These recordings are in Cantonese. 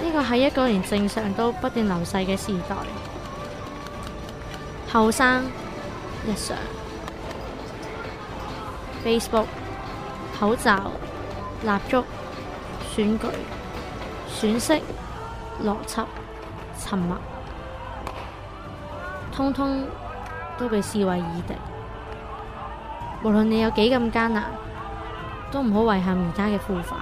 呢個係一個連正常都不斷流逝嘅時代，後生日常，Facebook 口罩、蠟燭、選舉、損失、邏輯、沉默，通通都被視為異地。無論你有幾咁艱難，都唔好遺憾而家嘅匱乏。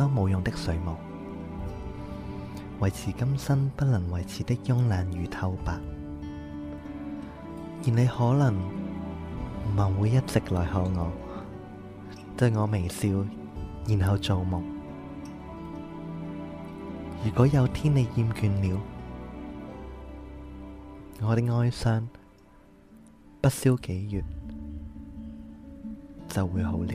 都冇用的水母，維持今生不能維持的慵懶與透白。而你可能還會一直來看我，對我微笑，然後做夢。如果有天你厭倦了，我的哀傷不消幾月就會好了。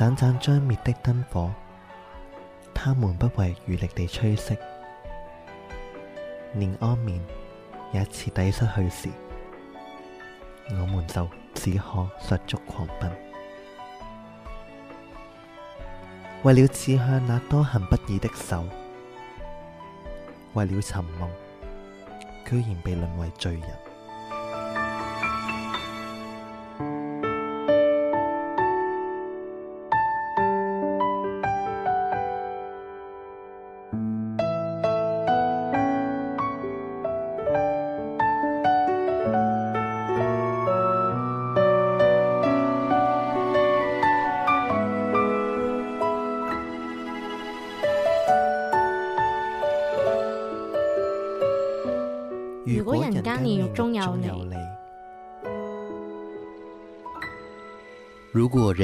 盞盞將滅的燈火，他們不遺餘力地吹熄。連安眠，也徹底失去時，我們就只可失足狂奔，為了刺向那多行不義的手，為了尋夢，居然被淪為罪人。